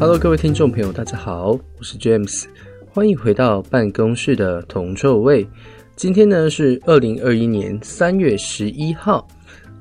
Hello，各位聽眾朋友，大家好，我是 James，歡迎回到辦公室的銅臭味。今天呢是二零二一年三月十一號，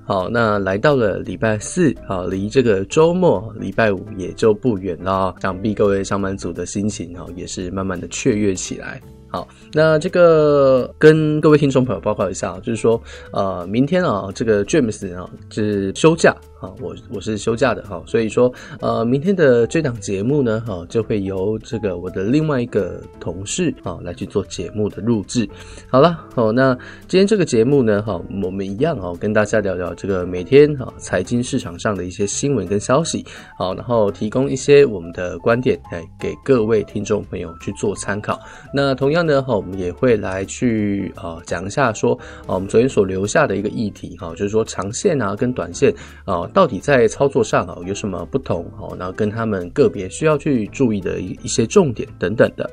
好，那來到了禮拜四，好，啊，離這個周末禮拜五也就不遠了，想必各位上班族的心情啊也是慢慢的雀躍起來。好，那這個跟各位聽眾朋友報告一下，就是說，呃，明天啊，這個 James 啊、就是休假啊，我我是休假的哈、啊，所以說，呃、啊，明天的這檔節目呢，哈、啊，就會由這個我的另外一個同事啊來去做節目的錄製。好了，好、啊，那今天這個節目呢，哈、啊，我們一樣啊，跟大家聊聊這個每天啊財經市場上的一些新聞跟消息，好、啊，然後提供一些我們的觀點來給各位聽眾朋友去做參考。那同樣。這樣呢，我們也會來去啊講一下說啊，我們昨天所留下的一個議題啊，就是說長線啊跟短線啊，到底在操作上啊有什麼不同啊，然後跟他們個別需要去注意的一些重點等等的。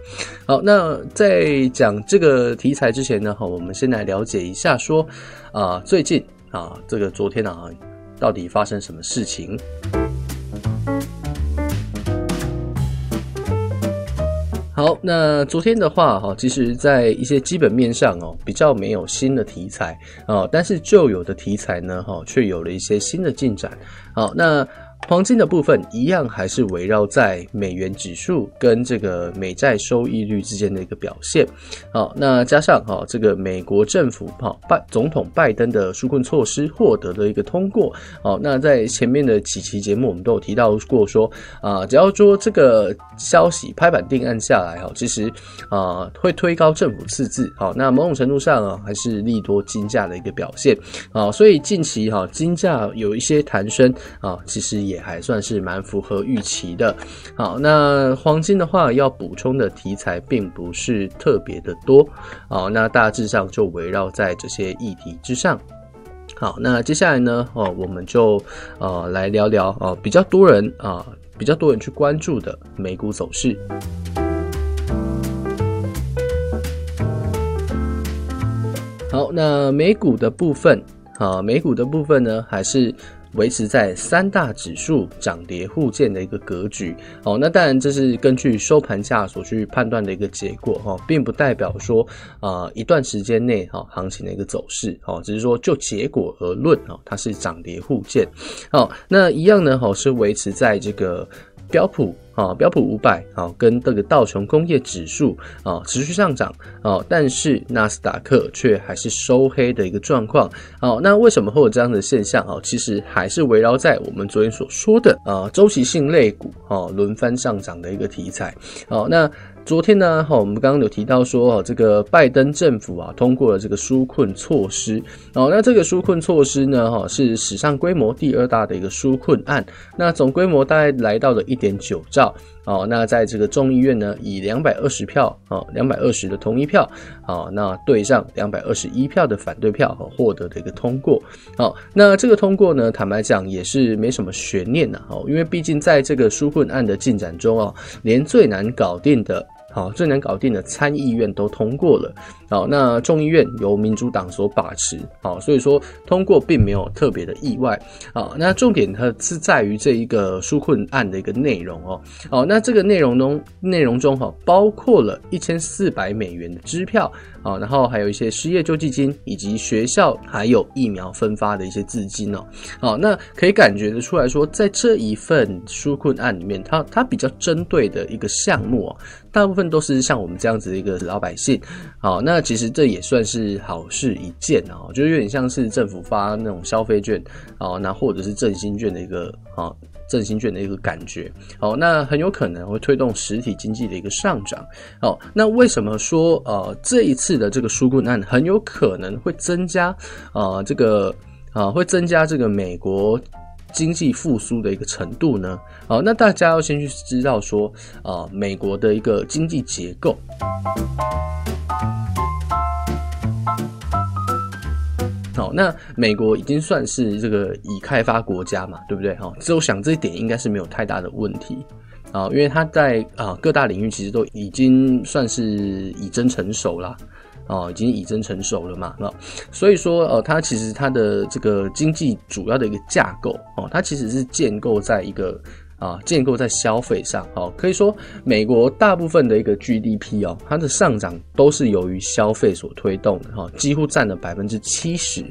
好，那在講這個題材之前呢，啊，我們先來了解一下說啊，最近啊，這個昨天啊，到底發生什麼事情？好，那昨天的話，哈，其實，在一些基本面上哦，比較沒有新的題材哦，但是舊有的題材呢，哈，卻有了一些新的進展。好，那。黃金的部分一樣還是圍繞在美元指數跟這個美債收益率之間的一個表現。好，那加上哈、啊、這個美國政府哈、啊、拜總統拜登的紓困措施獲得了一個通過。好，那在前面的幾期節目我們都有提到過說，說啊只要說這個消息拍板定案下來哈、啊，其實啊會推高政府赤字。好，那某種程度上啊還是利多金價的一個表現。啊，所以近期哈金價有一些彈升啊，其實也。也還算是蠻符合預期的。好，那黃金的話，要補充的題材並不是特別的多。好，那大致上就圍繞在這些議題之上。好，那接下來呢，哦，我們就呃來聊聊，呃，比較多人啊，呃，比較多人去關注的美股走勢。好，那美股的部分，啊，呃，美股的部分呢，還是。維持在三大指數漲跌互見的一個格局哦，那當然這是根據收盤價所去判斷的一個結果哈、哦，並不代表說啊、呃、一段時間內哈，行情的一個走勢哈、哦，只是說就結果而論哈、哦，它是漲跌互見。好、哦，那一樣呢哈、哦、是維持在這個標普。啊、哦，標普五百啊，跟這個道瓊工業指數啊、哦、持續上漲啊、哦，但是納斯達克卻還是收黑的一個狀況。好、哦，那為什麼會有這樣的現象啊、哦？其實還是圍繞在我們昨天所說的啊，週期性類股啊輪番上漲的一個題材。好、哦，那。昨天呢，哈、哦，我們剛剛有提到說，哦，這個拜登政府啊通過了這個紓困措施，哦，那這個紓困措施呢，哈、哦，是史上規模第二大的一個紓困案，那總規模大概來到了一點九兆，哦，那在這個眾議院呢，以兩百二十票，啊、哦，兩百二十的同意票，啊、哦，那對上兩百二十一票的反對票和獲、哦、得的一個通過，哦，那這個通過呢，坦白講也是沒什麼懸念的，哦，因為畢竟在這個紓困案的進展中，哦，連最難搞定的。好，最難搞定的參議院都通過了，好，那眾議院由民主黨所把持，好，所以說通過並沒有特別的意外，好，那重點它是在於這一個紓困案的一個內容哦，好，那這個內容中內容中哈包括了一千四百美元的支票。啊，然後還有一些失業救濟金，以及學校還有疫苗分發的一些資金哦。好，那可以感覺得出來說，在這一份紓困案裡面它，它它比較針對的一個項目哦、啊，大部分都是像我們這樣子的一個老百姓。好，那其實這也算是好事一件哦、啊，就是有點像是政府發那種消費券啊，那或者是振興券的一個啊。振興券的一個感覺，好，那很有可能會推動實體經濟的一個上漲。好，那為什麼說呃這一次的這個紓困案很有可能會增加啊、呃、這個啊、呃、會增加這個美國經濟復甦的一個程度呢？好，那大家要先去知道說啊、呃、美國的一個經濟結構。好、哦，那美國已經算是這個已開發國家嘛，對不對？哈、哦，所以我想這一點應該是沒有太大的問題啊、哦，因為它在啊、呃、各大領域其實都已經算是已臻成熟啦，哦，已經已臻成熟了嘛，那、嗯、所以說呃，它其實它的這個經濟主要的一個架構哦，它其實是建構在一個。啊，建構在消費上，好、啊，可以說美國大部分的一個 GDP 哦、啊，它的上漲都是由於消費所推動的哈、啊，幾乎占了百分之七十，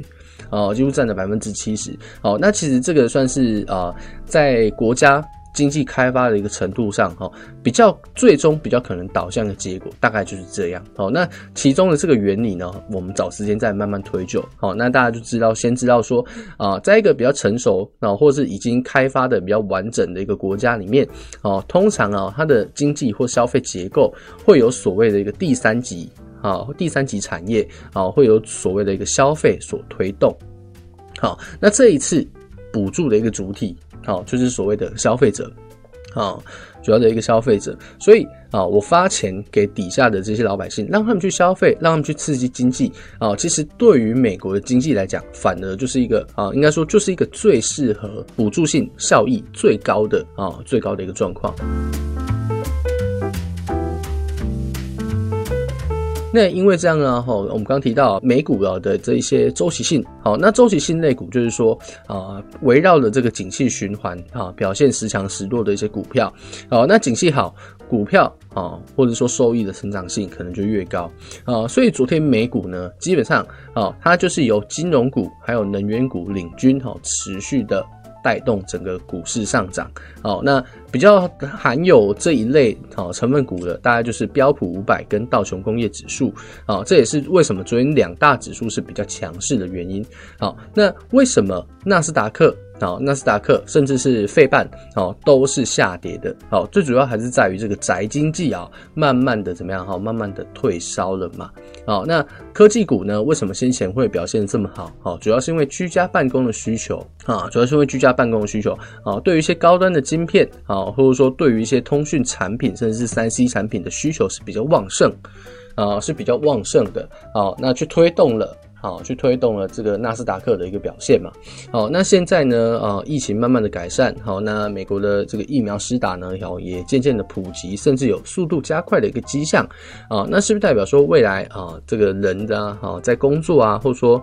哦、啊，幾乎占了百分之七十。好、啊，那其實這個算是啊，在國家。經濟開發的一個程度上，哈，比較最終比較可能導向的結果大概就是這樣。好，那其中的這個原理呢，我們找時間再慢慢推究。好，那大家就知道，先知道說啊，在一個比較成熟啊，或是已經開發的比較完整的一個國家裡面，哦，通常啊，它的經濟或消費結構會有所謂的一個第三級啊，第三級產業啊，會有所謂的一個消費所推動。好，那這一次補助的一個主體，好、哦，就是所謂的消費者，啊、哦，主要的一個消費者，所以啊、哦，我發錢給底下的這些老百姓，讓他們去消費，讓他們去刺激經濟，啊、哦，其實對於美國的經濟來講，反而就是一個啊、哦，應該說就是一個最適合補助性效益最高的啊、哦，最高的一個狀況。那因為這樣啊，哈、哦，我們剛提到美股啊的這一些周期性，好、哦，那周期性類股就是說啊，圍繞著這個景氣循環啊、哦，表現時強時弱的一些股票，好、哦，那景氣好，股票啊、哦，或者說收益的成長性可能就越高，啊、哦，所以昨天美股呢，基本上啊、哦，它就是由金融股還有能源股領軍，哈、哦，持續的帶動整個股市上漲，好、哦，那。比較含有這一類好成分股的，大概就是標普五百跟道瓊工業指數啊，這也是為什麼昨天兩大指數是比較強勢的原因。好，那為什麼納斯達克啊，納斯達克甚至是費半啊都是下跌的？好，最主要還是在於這個宅經濟啊，慢慢的怎麼樣哈，慢慢的退燒了嘛。好，那科技股呢，為什麼先前會表現這麼好？好，主要是因為居家辦公的需求啊，主要是因為居家辦公的需求啊，對於一些高端的晶片啊。或者說對於一些通訊產品，甚至是 3C 產品的需求是比較旺盛，啊是比較旺盛的，啊那去推動了，啊，去推動了這個納斯達克的一個表現嘛，好、啊、那現在呢，啊疫情慢慢的改善，好、啊、那美國的這個疫苗施打呢，然後也漸漸的普及，甚至有速度加快的一個跡象，啊那是不是代表說未來啊這個人的哈、啊、在工作啊，或者說。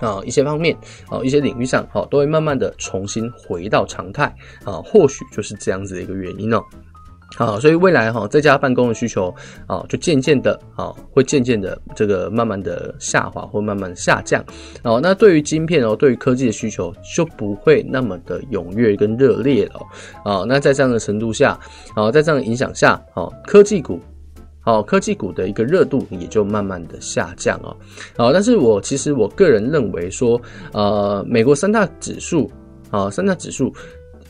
啊、哦，一些方面，啊、哦，一些領域上，哦，都會慢慢的重新回到常態，啊、哦，或許就是這樣子的一個原因哦，啊、哦，所以未來哈、哦，在家辦公的需求，啊、哦，就漸漸的，啊、哦，會漸漸的這個慢慢的下滑，或慢慢的下降，啊、哦，那對於晶片哦，對於科技的需求就不會那麼的踴躍跟熱烈了、哦，啊、哦，那在這樣的程度下，啊、哦，在這樣的影響下，啊、哦，科技股。哦，科技股的一個熱度也就慢慢的下降哦，好、哦，但是我其實我個人認為說，呃，美國三大指數，啊、哦，三大指數，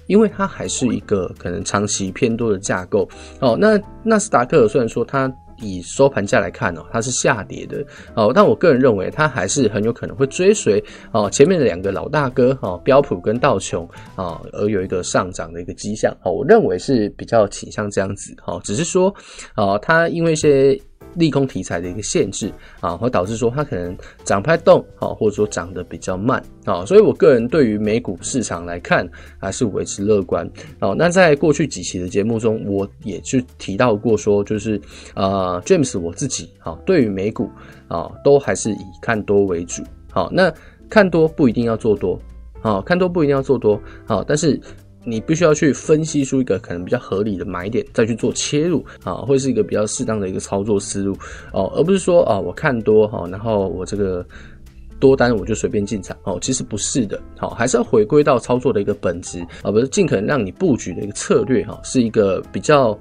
因為它還是一個可能長期偏多的架構，哦，那納斯達克雖然說它。以收盤價來看哦，它是下跌的哦，但我個人認為它還是很有可能會追隨哦，前面的兩個老大哥哦，標普跟道瓊啊、哦、而有一個上漲的一個跡象哦，我認為是比較傾向這樣子哈、哦，只是說啊、哦、它因為一些。利空題材的一個限制啊，會導致說它可能漲不太動啊，或者說漲得比較慢啊，所以我個人對於美股市場來看，還是維持樂觀啊。那在過去幾期的節目中，我也去提到過說，就是呃，James 我自己啊，對於美股啊，都還是以看多為主好、啊。那看多不一定要做多啊，看多不一定要做多好、啊，但是。你必須要去分析出一個可能比較合理的買點，再去做切入啊，會是一個比較適當的一個操作思路哦，而不是說啊我看多哈，然後我這個多單我就隨便進場哦，其實不是的，好，還是要回歸到操作的一個本質啊，而不是盡可能讓你布局的一個策略哈，是一個比較。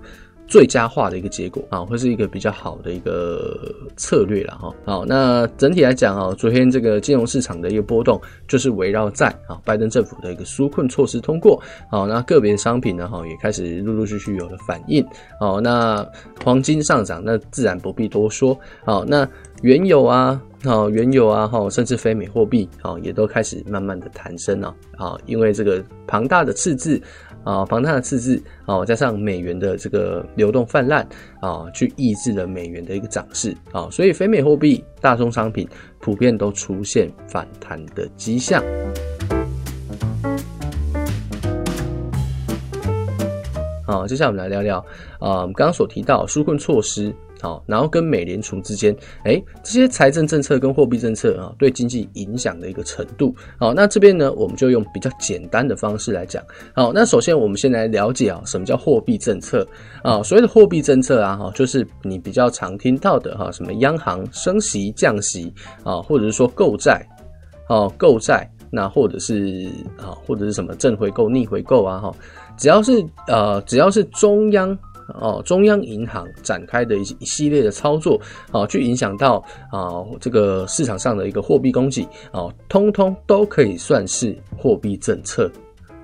最佳化的一個結果啊，會是一個比較好的一個策略了哈。好，那整體來講啊，昨天這個金融市場的一個波動，就是圍繞在啊拜登政府的一個紓困措施通過。好，那個別商品呢哈，也開始陸陸續續有了反應。好，那黃金上漲，那自然不必多說。好，那原油啊，好原油啊哈，甚至非美貨幣啊，也都開始慢慢的彈升了啊，因為這個龐大的赤字。啊，龐、哦、大的赤字啊、哦，加上美元的這個流動泛濫啊、哦，去抑制了美元的一個漲勢啊、哦，所以非美貨幣、大宗商品普遍都出現反彈的跡象。嗯、好，接下來我們來聊聊啊，我、嗯、們剛剛所提到的紓困措施。好，然後跟美聯儲之間，哎，這些財政政策跟貨幣政策啊，對經濟影響的一個程度。好，那這邊呢，我們就用比較簡單的方式來講。好，那首先我們先來了解啊，什麼叫貨幣政策啊？所謂的貨幣政策啊，哈，就是你比較常聽到的哈、啊，什麼央行升息、降息啊，或者是說購債，啊，購債，那或者是啊，或者是什麼正回購、逆回購啊，哈，只要是呃，只要是中央。哦，中央銀行展開的一一系列的操作，哦，去影響到啊、哦、這個市場上的一個貨幣供給，哦，通通都可以算是貨幣政策，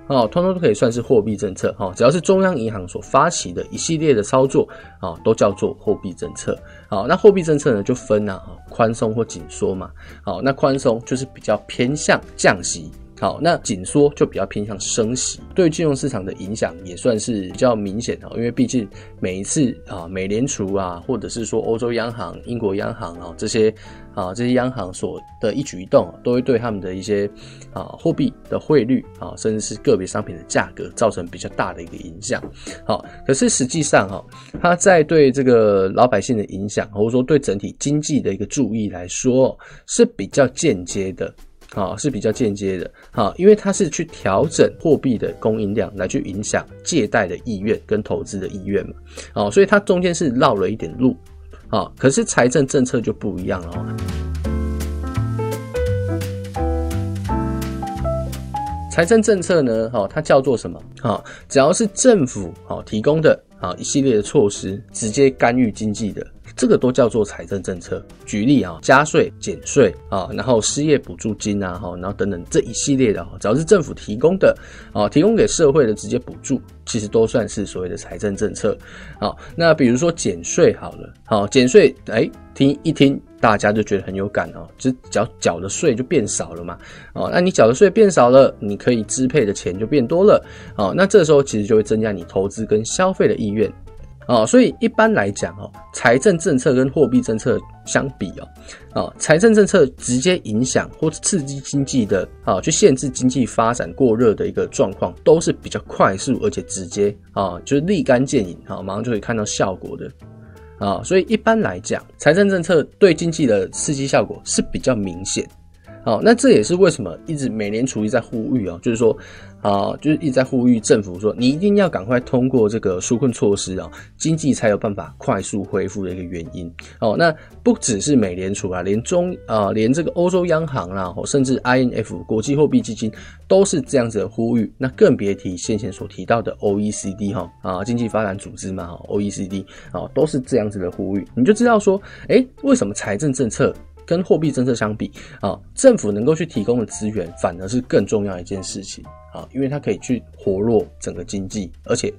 哦，通通都可以算是貨幣政策，哈、哦，只要是中央銀行所發起的一系列的操作，哦，都叫做貨幣政策，好、哦，那貨幣政策呢就分啊，寬鬆或緊縮嘛，好、哦，那寬鬆就是比較偏向降息。好，那緊縮就比較偏向升息，對金融市場的影響也算是比較明顯的哦。因為畢竟每一次啊，美聯儲啊，或者是說歐洲央行、英國央行啊這些啊這些央行所的一舉一動啊，都會對他們的一些啊貨幣的匯率啊，甚至是個別商品的價格造成比較大的一個影響。好，可是實際上哈啊，它在對這個老百姓的影響，或者說對整體經濟的一個注意來說，是比較間接的。啊、哦，是比較間接的，哈、哦，因為它是去調整貨幣的供應量來去影響借貸的意願跟投資的意願嘛，好、哦，所以它中間是繞了一點路，好、哦，可是財政政策就不一樣了哦。財政政策呢，哈、哦，它叫做什麼？哈、哦，只要是政府，哈、哦，提供的，哈、哦，一系列的措施，直接干預經濟的。這個都叫做財政政策。舉例啊，加稅、減稅啊，然後失業補助金啊，哈，然後等等這一系列的，只要是政府提供的，啊，提供給社會的直接補助，其實都算是所謂的財政政策。好、啊，那比如說減稅好了，好、啊、減稅，誒、哎、聽一聽，大家就覺得很有感哦、啊，就繳繳的稅就變少了嘛，哦、啊，那你繳的稅變少了，你可以支配的錢就變多了，哦、啊，那這時候其實就會增加你投資跟消費的意願。啊、哦，所以一般來講哦，財政政策跟貨幣政策相比哦，啊、哦，財政政策直接影響或刺激經濟的啊、哦，去限制經濟發展過熱的一個狀況，都是比較快速而且直接啊、哦，就是立竿見影啊、哦，馬上就可以看到效果的啊、哦，所以一般來講，財政政策對經濟的刺激效果是比較明顯。好、哦，那這也是為什麼一直美聯儲一直在呼籲啊、哦，就是說啊，就是一直在呼籲政府說，你一定要趕快通過這個紓困措施啊、哦，經濟才有辦法快速恢復的一個原因。哦，那不只是美聯儲啊，連中啊、呃，連這個歐洲央行啦、啊，甚至 IMF 國際貨幣基金都是這樣子的呼籲，那更別提先前所提到的 OECD 哈、哦、啊，經濟發展組織嘛，OECD 啊、哦，都是這樣子的呼籲，你就知道說，哎、欸，為什麼財政政策？跟貨幣政策相比，啊、哦，政府能夠去提供的資源反而是更重要一件事情，啊、哦，因為它可以去活絡整個經濟，而且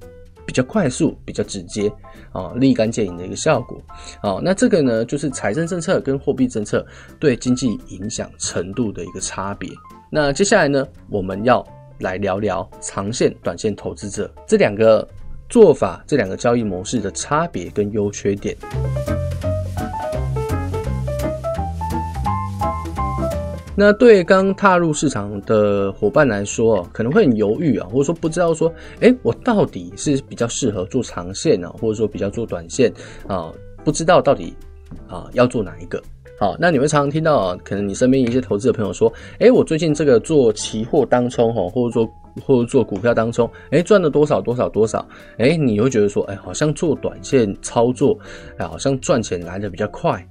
比較快速、比較直接，啊、哦，立竿見影的一個效果，啊、哦，那這個呢就是財政政策跟貨幣政策對經濟影響程度的一個差別。那接下來呢，我們要來聊聊長線、短線投資者這兩個做法、這兩個交易模式的差別跟優缺點。那對剛踏入市場的夥伴來說，可能會很猶豫啊，或者說不知道說，哎、欸，我到底是比較適合做長線呢，或者說比較做短線啊，不知道到底啊要做哪一個？好，那你會常常聽到，可能你身邊一些投資的朋友說，哎、欸，我最近這個做期貨當沖哈，或者做或者做股票當沖，哎、欸，賺了多少多少多少，哎、欸，你會覺得說，哎、欸，好像做短線操作，哎，好像賺錢來的比較快。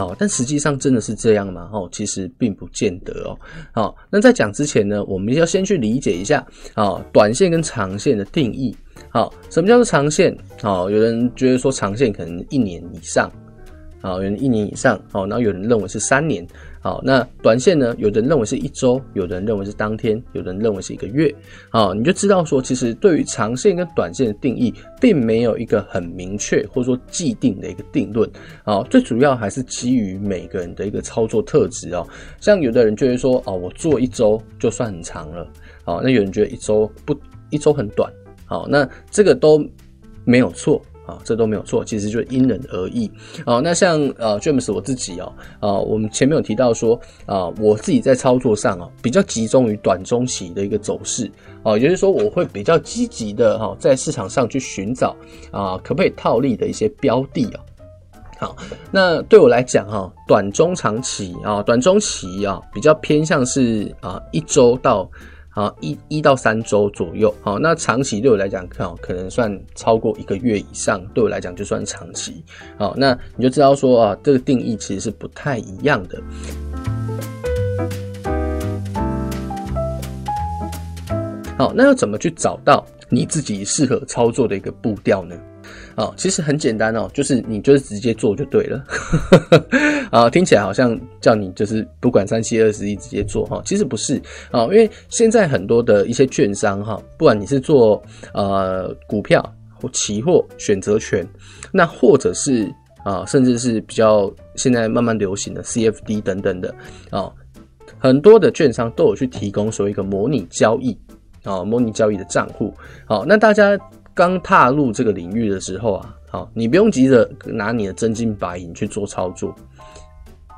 哦，但實際上真的是這樣嗎？哦，其實並不見得哦、喔。好，那在講之前呢，我們要先去理解一下，好，短線跟長線的定義。好，什麼叫做長線？好，有人覺得說長線可能一年以上。啊，有人一年以上，哦，然後有人認為是三年，好，那短線呢？有的人認為是一周，有的人認為是當天，有的人認為是一個月，好，你就知道說，其實對於長線跟短線的定義，並沒有一個很明確或者說既定的一個定論，好，最主要還是基於每個人的一個操作特質哦，像有的人就會說，哦，我做一周就算很長了，啊，那有人覺得一周不，一周很短，好，那這個都沒有錯。啊，這都沒有錯，其實就因人而異啊。那像呃、啊、，James 我自己哦、啊，啊，我們前面有提到說啊，我自己在操作上哦、啊，比較集中於短中期的一個走勢啊，也就是說我會比較積極的哈、啊，在市場上去尋找啊，可不可以套利的一些標的啊。好，那對我來講哈、啊，短中長期啊，短中期啊，比較偏向是啊，一周到。啊，一一到三週左右，好，那長期對我來講，可可能算超過一個月以上，對我來講就算長期，好，那你就知道說啊，這個定義其實是不太一樣的。好，那要怎麼去找到你自己適合操作的一個步調呢？啊、哦，其實很簡單哦，就是你就是直接做就對了。 啊，聽起來好像叫你就是不管三七二十一直接做哈，其實不是啊，因為現在很多的一些券商哈，不管你是做呃股票或期貨選擇權，那或者是啊，甚至是比較現在慢慢流行的 CFD 等等的啊，很多的券商都有去提供所謂一個模擬交易啊，模擬交易的賬戶。好，那大家。剛踏入這個領域的時候啊，好，你不用急着拿你的真金白銀去做操作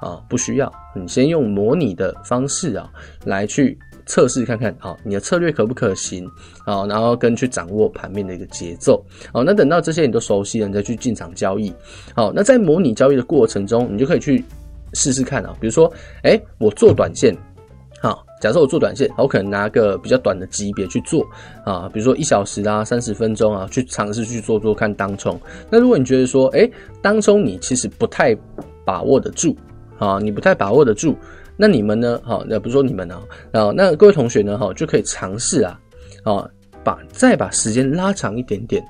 啊，不需要，你先用模擬的方式啊，來去測試看看，好，你的策略可不可行，啊，然後跟去掌握盤面的一個節奏，好，那等到這些你都熟悉了，你再去進場交易，好，那在模擬交易的過程中，你就可以去試試看啊，比如說，誒，我做短線。假設我做短線，我可能拿個比較短的級別去做啊，比如說一小時啊、三十分鐘啊，去嘗試去做做看當沖。那如果你覺得說，哎、欸，當沖你其實不太把握得住啊，你不太把握得住，那你們呢？啊，那不說你們啊，啊，那各位同學呢？哈、啊，就可以嘗試啊，啊，把再把時間拉長一點點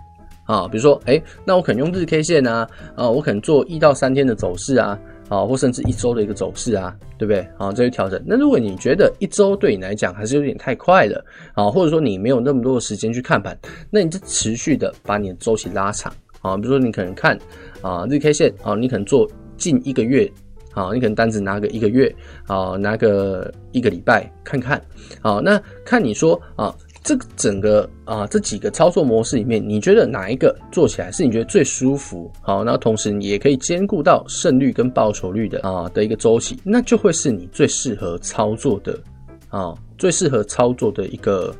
啊，比如說，哎、欸，那我可能用日 K 線啊，啊，我可能做一到三天的走勢啊。啊，或甚至一週的一個走勢啊，對不對？啊，這些調整。那如果你覺得一週對你來講還是有點太快的，啊，或者說你沒有那麼多的時間去看盤，那你就持續的把你的週期拉長。啊，比如說你可能看啊日 K 線啊，你可能做近一個月，啊，你可能單子拿個一個月，啊，拿個一個禮拜看看。啊，那看你說啊。這整個啊，這幾個操作模式裡面，你覺得哪一個做起來是你覺得最舒服？好，那同時你也可以兼顧到勝率跟報酬率的啊的一個週期，那就會是你最適合操作的啊，最適合操作的一個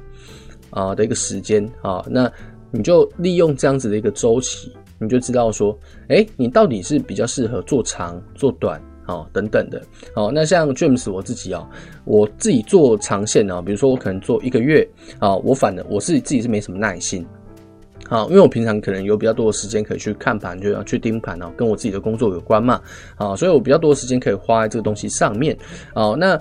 啊的一個時間啊。那你就利用這樣子的一個週期，你就知道說，哎，你到底是比較適合做長做短。哦，等等的，好、哦，那像 James 我自己哦，我自己做長線呢、哦，比如說我可能做一個月，啊、哦，我反正，我自己自己是沒什麼耐心，啊、哦，因為我平常可能有比較多的時間可以去看盤，就要去盯盤哦，跟我自己的工作有關嘛，啊、哦，所以我比較多的時間可以花在這個東西上面，哦，那。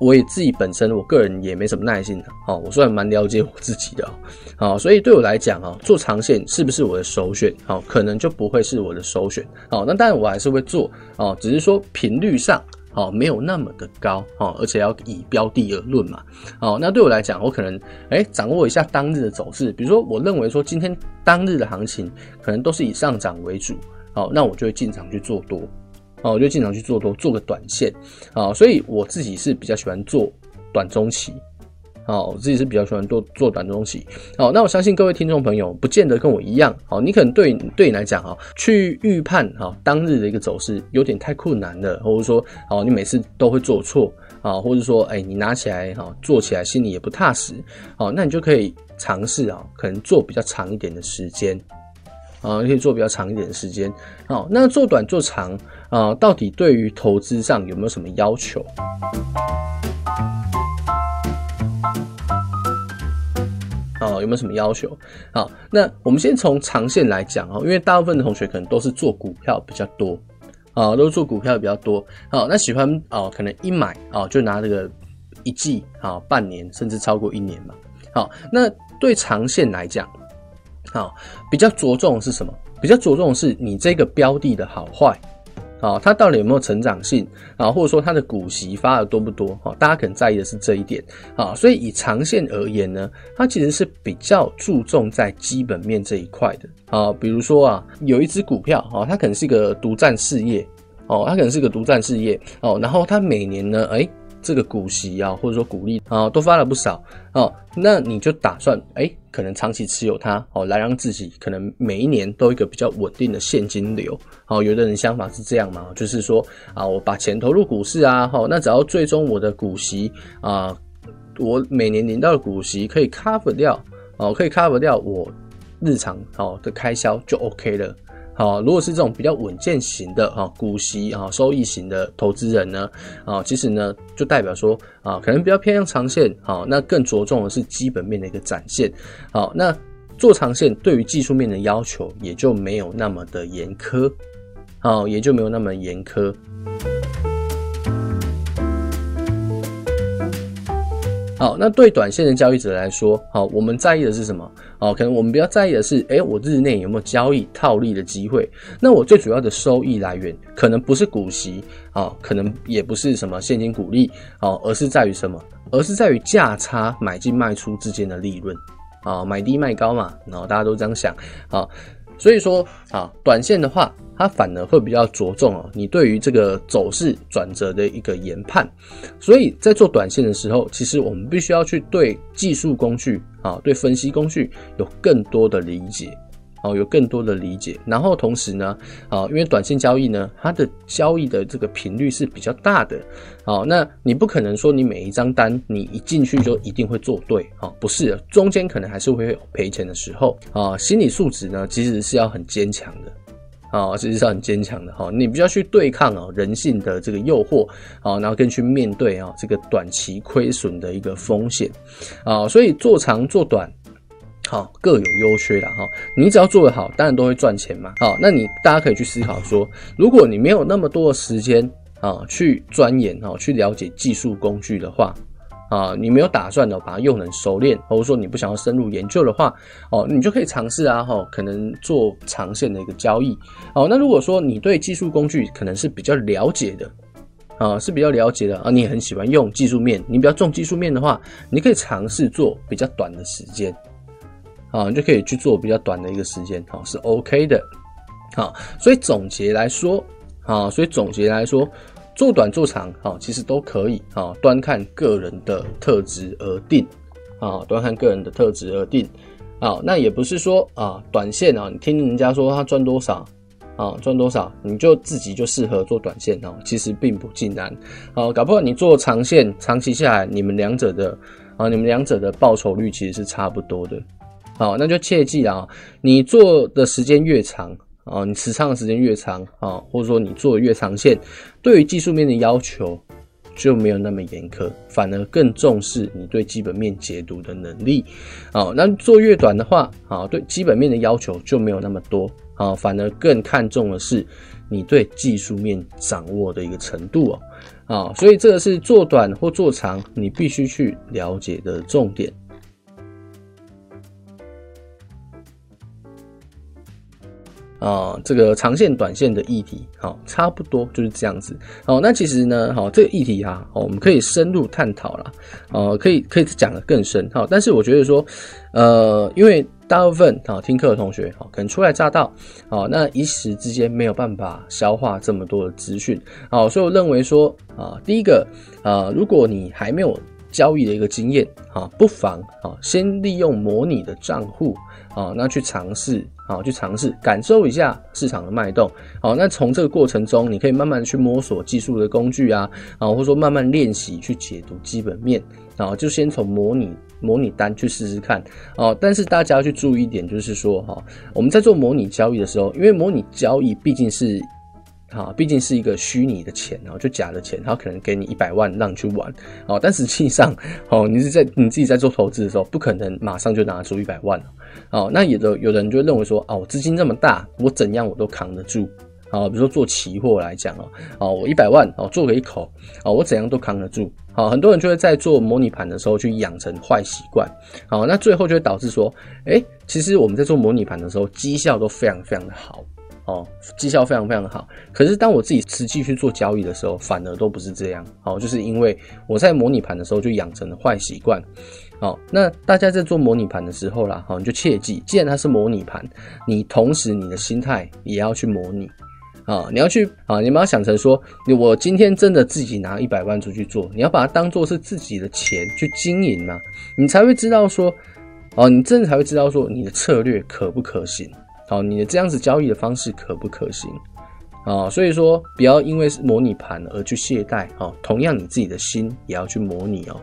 我也自己本身，我個人也沒什麼耐心的、啊，好、哦，我算蠻了解我自己的、哦，好、哦，所以對我來講啊，做長線是不是我的首選？好、哦，可能就不會是我的首選，好、哦，那當然我還是會做，哦，只是說頻率上，好、哦，沒有那麼的高，好、哦，而且要以標的而論嘛，好、哦，那對我來講，我可能，哎，掌握一下當日的走勢，比如說我認為說今天當日的行情可能都是以上漲為主，好、哦，那我就會進場去做多。哦，我就經常去做多，做個短線，啊、哦，所以我自己是比較喜歡做短中期，啊、哦，我自己是比較喜歡做做短中期，好、哦，那我相信各位聽眾朋友不見得跟我一樣，好、哦，你可能對你對你來講、哦、去預判哈、哦、當日的一個走勢有點太困難了，或者說，好、哦，你每次都會做錯啊、哦，或者說，誒、欸、你拿起來哈、哦、做起來心裡也不踏實，好、哦，那你就可以嘗試啊，可能做比較長一點的時間。啊，你可以做比較長一點的時間。好，那做短做長啊，到底對於投資上有沒有什麼要求？哦、 啊，有沒有什麼要求？好，那我們先從長線來講哦，因為大部分的同學可能都是做股票比較多啊，都是做股票比較多。好，那喜歡啊，可能一買啊就拿這個一季啊、半年，甚至超過一年嘛。好，那對長線來講。好，比較着重的是什麼？比較着重的是你這個標的的好壞，啊，它到底有沒有成長性啊，或者說它的股息發的多不多？好，大家可能在意的是這一點。啊，所以以長線而言呢，它其實是比較注重在基本面這一塊的。啊，比如說啊，有一隻股票，啊，它可能是一個獨佔事業，哦，它可能是一個獨佔事業，哦，然後它每年呢，哎、欸。這個股息啊，或者說股利啊，都發了不少哦、啊。那你就打算哎、欸，可能長期持有它哦、啊，來讓自己可能每一年都有一個比較穩定的現金流哦、啊。有的人想法是這樣嘛，就是說啊，我把錢投入股市啊，哈、啊，那只要最終我的股息啊，我每年領到的股息可以 cover 掉哦、啊，可以 cover 掉我日常好、啊、的開銷就 OK 了。好，如果是這種比較穩健型的、啊、股息啊收益型的投資人呢，啊，其實呢就代表說啊，可能比較偏向長線，好、啊，那更着重的是基本面的一個展現，好、啊，那做長線對於技術面的要求也就沒有那麼的嚴苛，好、啊，也就沒有那麼嚴苛。好，那對短線的交易者來說，好，我們在意的是什麼？好，可能我們比較在意的是，哎、欸，我日內有沒有交易套利的機會？那我最主要的收益來源，可能不是股息，啊，可能也不是什麼現金股利，好，而是在於什麼？而是在於價差買進賣出之間的利潤，啊，買低賣高嘛，然後大家都這樣想，好。所以說啊，短線的話，它反而會比較着重啊，你對於這個走勢轉折的一個研判。所以在做短線的時候，其實我們必須要去對技術工具啊，對分析工具有更多的理解。哦，有更多的理解，然後同時呢，啊、哦，因為短線交易呢，它的交易的這個頻率是比較大的，好、哦，那你不可能說你每一張單你一進去就一定會做對，啊、哦，不是，的，中間可能還是會有賠錢的時候，啊、哦，心理素質呢其實是要很堅強的，啊、哦，實際上很堅強的哈、哦，你比較去對抗啊、哦、人性的這個誘惑，啊、哦，然後更去面對啊、哦、這個短期虧損的一個風險，啊、哦，所以做長做短。好，各有優缺啦。哈、哦，你只要做得好，當然都會賺錢嘛。好、哦，那你大家可以去思考說，如果你沒有那麼多的時間啊、哦，去鑽研哈、哦，去了解技術工具的話，啊、哦，你沒有打算的把它用很熟練，或者說你不想要深入研究的話，哦，你就可以嘗試啊。哈、哦，可能做長線的一個交易。哦，那如果說你對技術工具可能是比較了解的，啊、哦，是比較了解的啊、哦，你也很喜歡用技術面，你比較重技術面的話，你可以嘗試做比較短的時間。啊，你就可以去做比較短的一個時間，哈、啊，是 OK 的，好、啊，所以總結來說，好、啊，所以總結來說，做短做長，好、啊，其實都可以，好、啊，端看個人的特質而定，啊，端看個人的特質而定，啊，那也不是說啊，短線啊，你聽人家說他賺多少，啊，賺多少，你就自己就適合做短線哦、啊，其實並不盡然，啊，搞不好你做長線，長期下來，你們兩者的，啊，你們兩者的報酬率其實是差不多的。好，那就切記啊、喔，你做的時間越長啊、喔，你持倉的時間越長啊、喔，或者說你做的越長線，對於技術面的要求就沒有那麼嚴苛，反而更重視你對基本面解讀的能力。啊、喔，那做越短的話，啊、喔，對基本面的要求就沒有那麼多，啊、喔，反而更看重的是你對技術面掌握的一個程度哦、喔。啊、喔，所以這個是做短或做長，你必須去了解的重點。啊、呃，這個長線、短線的議題，好、呃，差不多就是這樣子。好、呃，那其實呢，好、呃、這個議題哈、啊，好、呃，我們可以深入探討了。好、呃，可以可以講得更深。好、呃，但是我覺得說，呃，因為大部分好、呃、聽課的同學，好、呃、可能初來乍到，好、呃、那一時之間沒有辦法消化這麼多的資訊，好、呃，所以我認為說，啊、呃，第一個，啊、呃，如果你還沒有交易的一個經驗，啊、呃，不妨啊、呃、先利用模擬的賬戶，啊、呃，那去嘗試。好，去嘗試感受一下市場的脈動。好，那從這個過程中，你可以慢慢去摸索技術的工具啊，啊，或者說慢慢練習去解讀基本面。啊，就先從模擬模擬單去試試看。啊，但是大家要去注意一點，就是說哈，我們在做模擬交易的時候，因為模擬交易畢竟是。啊，畢竟是一個虛擬的錢，然後就假的錢，他可能給你一百萬讓你去玩，哦，但實際上，哦，你是在你自己在做投資的時候，不可能馬上就拿出一百萬，哦，那也有，有的有的人就會認為說，哦，我資金這麼大，我怎樣我都扛得住，哦，比如說做期貨來講哦，哦，我一百萬哦做了一口，哦，我怎樣都扛得住，好，很多人就會在做模擬盤的時候去養成壞習慣，好，那最後就會導致說，哎、欸，其實我們在做模擬盤的時候，績效都非常非常的好。哦，績效非常非常的好，可是當我自己實際去做交易的時候，反而都不是這樣。好、哦，就是因為我在模擬盤的時候就養成了壞習慣。好、哦，那大家在做模擬盤的時候啦，好、哦，你就切記，既然它是模擬盤，你同時你的心態也要去模擬。啊、哦，你要去啊、哦，你把它想成說，我今天真的自己拿一百萬出去做，你要把它當做是自己的錢去經營嘛、啊，你才會知道說，哦，你真的才會知道說，你的策略可不可行。好，你的這樣子交易的方式可不可行？啊、哦，所以說不要因為是模擬盤而去懈怠啊、哦。同樣，你自己的心也要去模擬哦。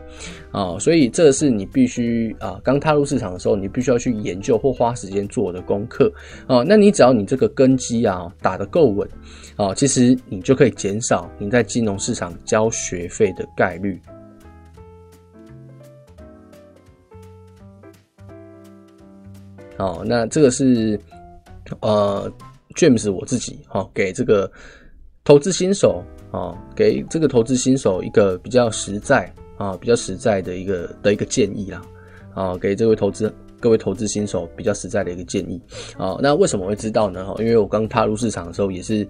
啊、哦，所以這是你必須啊，剛踏入市場的時候，你必須要去研究或花時間做的功課啊、哦。那你只要你這個根基啊打得夠穩，啊、哦，其實你就可以減少你在金融市場交學費的概率。好，那這個是。呃、uh,，James，我自己哈、哦，給這個投資新手啊、哦，給這個投資新手一個比較實在啊、哦，比較實在的一個的一個建議啦，啊、哦，給這位投資。各位投資新手比較實在的一個建議啊，那為什麼我會知道呢？因為我剛踏入市場的時候也是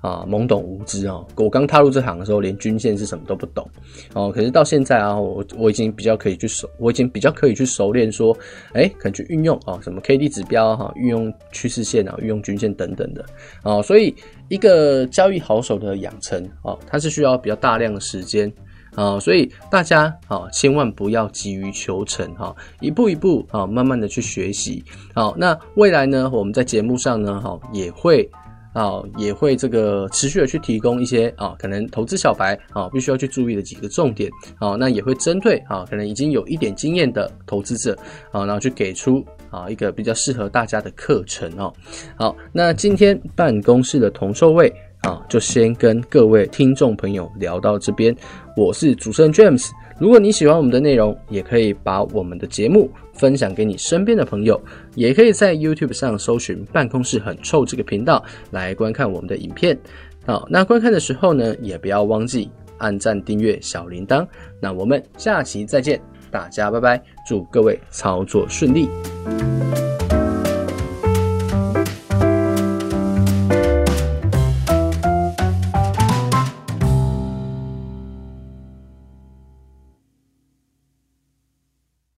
啊懵懂無知啊，我剛踏入這行的時候連均線是什麼都不懂哦、啊，可是到現在啊，我我已經比較可以去熟，我已經比較可以去熟練說，哎、欸，可能去運用啊，什麼 KD 指標哈，運用趨勢線啊，運用均線等等的啊，所以一個交易好手的養成啊，它是需要比較大量的時間。啊、哦，所以大家啊、哦，千萬不要急於求成啊、哦，一步一步啊、哦，慢慢的去學習。好、哦，那未來呢，我們在節目上呢，哈、哦，也會啊、哦，也會這個持續的去提供一些啊、哦，可能投資小白啊、哦，必須要去注意的幾個重點。好、哦，那也會針對啊、哦，可能已經有一點經驗的投資者啊、哦，然後去給出啊、哦，一個比較適合大家的課程哦。好、哦，那今天辦公室的銅臭味。好，就先跟各位聽眾朋友聊到這邊。我是主持人 James。如果你喜歡我們的內容，也可以把我們的節目分享給你身邊的朋友，也可以在 YouTube 上搜尋“辦公室很臭”這個頻道來觀看我們的影片。好，那觀看的時候呢，也不要忘記按讚、訂閱、小鈴鐺。那我們下期再見，大家拜拜，祝各位操作順利。